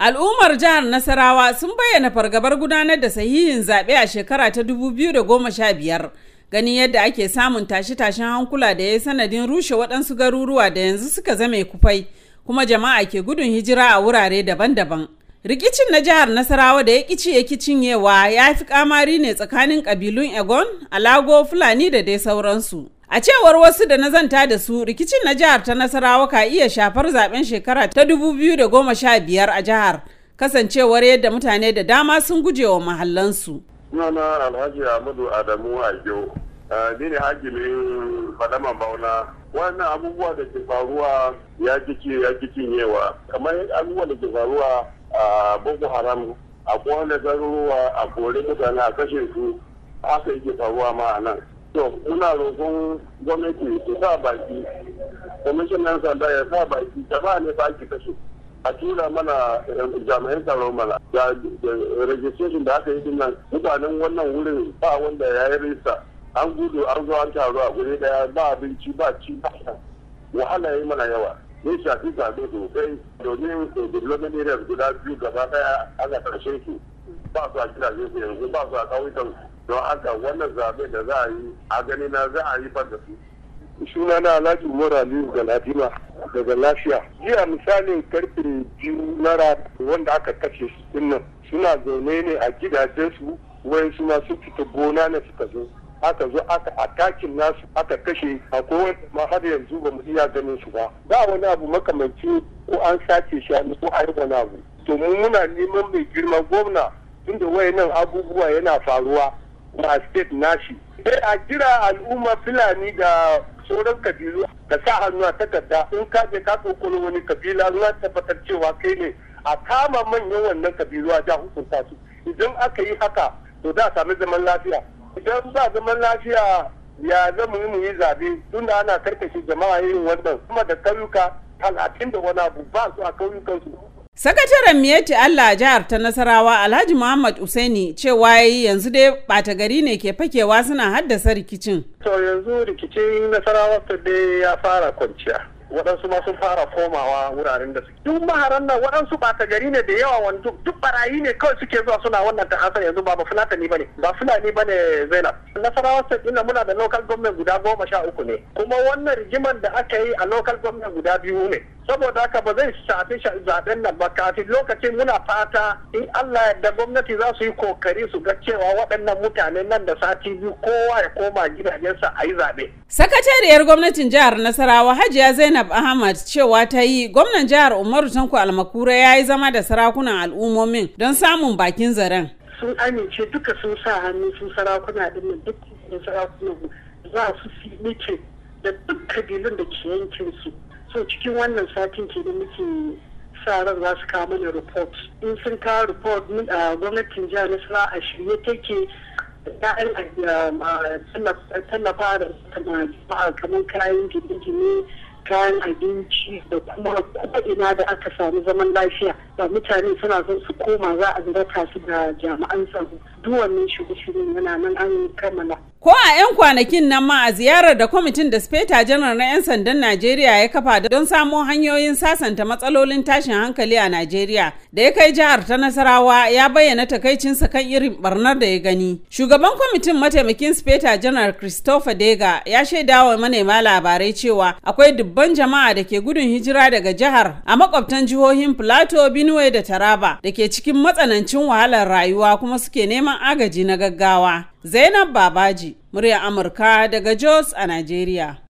Al'ummar jihar Nasarawa sun bayyana fargabar gudanar da sahihin zaɓe a shekara ta 2015 ganin yadda ake samun tashe-tashen hankula da ya sanadin rushe waɗansu garuruwa da yanzu suka zame kufai kuma jama'a ke gudun hijira a wurare daban-daban. Rikicin na jihar Nasarawa da ya kici ya cinyewa ya fi kamari ne tsakanin ƙabilun Egon, Alago, Fulani da dai sauransu. A cewar wasu da na da su rikicin na jihar ta Nasarawa ka iya shafar zaben shekara ta 2015 a jihar kasancewar yadda mutane da dama sun guje wa mahallansu. na Alhaji Ahmadu Adamu Ajo, eh, ni ne hakimin fadaman bauna. Wannan abubuwa da ke faruwa ya jiki ya cinyewa. Kamar abubuwa da ke faruwa a Boko Haram, a kone garuruwa, a kore mutane a kashe su, haka yake faruwa ma a nan. so muna roƙon gwamnati su sa baki kwamishinan sanda ya sa baki jama'a ne fa ake kashe a tura mana eh, jami'an tsaro mana da registration da aka yi din nan mutanen wannan wurin ba wanda ya yi rista an gudu an zo an taru a guri daya ba abinci ba ci ba wahala yi mana yawa ne shafi zaɓe sosai domin eh, development areas guda biyu gaba daya su ba su a gidaje su yanzu ba su a ƙauyukan su don haka wannan zaɓe da za a yi a gani na za a yi ban da su suna na alhaji umar aliyu galadima daga lafiya jiya misalin karfe biyu na wanda aka kashe su dinnan suna zaune ne a gidajensu wai suna sun fita gona na suka zo aka zo aka atakin nasu aka kashe a kowai ma har yanzu ba mu iya ganin su ba ba wani abu makamanci ko an sace shi ko a yi wani abu to mu muna neman mai girma gwamna tunda wayannan abubuwa yana faruwa ba state nashi sai a jira al'umma fulani da sauran kabilu da sa hannu a takarda in ka je ka kokolo wani kabila ruwa tabbatar cewa kai ne a kama manyan wannan kabilu a ja hukunta su idan aka yi haka to za a sami zaman lafiya idan ba zaman lafiya ya zama mu yi zabe tunda ana karkashe jama'a yin wannan kuma da kauyuka talatin da wani abu ba su a kauyukansu Sakataren Miyeti Allah a jihar ta Nasarawa Alhaji Muhammad Usaini cewa ya yi yanzu dai bata gari ne ke fakewa suna haddasa rikicin. To yanzu rikicin Nasarawa ta dai ya fara kwanciya. waɗansu ma sun fara komawa wuraren da suke duk maharan nan waɗansu ɓata gari ne da yawa wani duk barayi ne kawai suke zuwa suna wannan ta hasan yanzu ba fulatani ne. ba fulani bane zainab nasarawa state ɗin muna da local government guda goma sha uku ne kuma wannan rigiman da aka yi a local government guda biyu ne saboda haka ba zai shafi zaben nan ba kafin lokacin muna fata in Allah yadda gwamnati za su yi kokari su ga cewa waɗannan mutanen nan da sati biyu kowa ya koma gidajensa a yi zaɓe. Sakatariyar gwamnatin jihar Nasarawa Hajiya Zainab Ahmad cewa ta yi gwamnan jihar Umaru Tanko Almakura ya yi zama da sarakunan al'ummomin don samun bakin zaren. Sun amince duka sun sa hannu sun sarakuna ɗin duk sarakunan za su fi da duk kabilun da ke yankin su. so cikin wannan satin ke da muke sa ran za su kawo mana report in sun kawo report ah, gwamnatin jihar nasara a shirye take ah, ah, tallafa da jama'a kamar kayan gine-gine kayan abinci da kuma ina da aka samu zaman lafiya da mutane suna son su koma za a zirata su da jami'an tsaro duk wannan shirye-shiryen yana nan an kammala. Ko a 'yan kwanakin nan ma a ziyarar da kwamitin da speta janar na 'yan sandan Najeriya ya kafa don samo hanyoyin sasanta matsalolin tashin hankali a Najeriya da ya kai jihar ta Nasarawa ya bayyana takaicinsa kan irin barnar da ya gani. Shugaban kwamitin mataimakin speta janar Christopher Dega ya shaida wa manema labarai cewa akwai dubban jama'a da ke gudun hijira daga jihar a makwabtan jihohin Benue da Taraba da ke cikin matsanancin wahalar rayuwa kuma suke neman agaji na gaggawa. Zainab Babaji, murya Amurka daga Jos a Najeriya.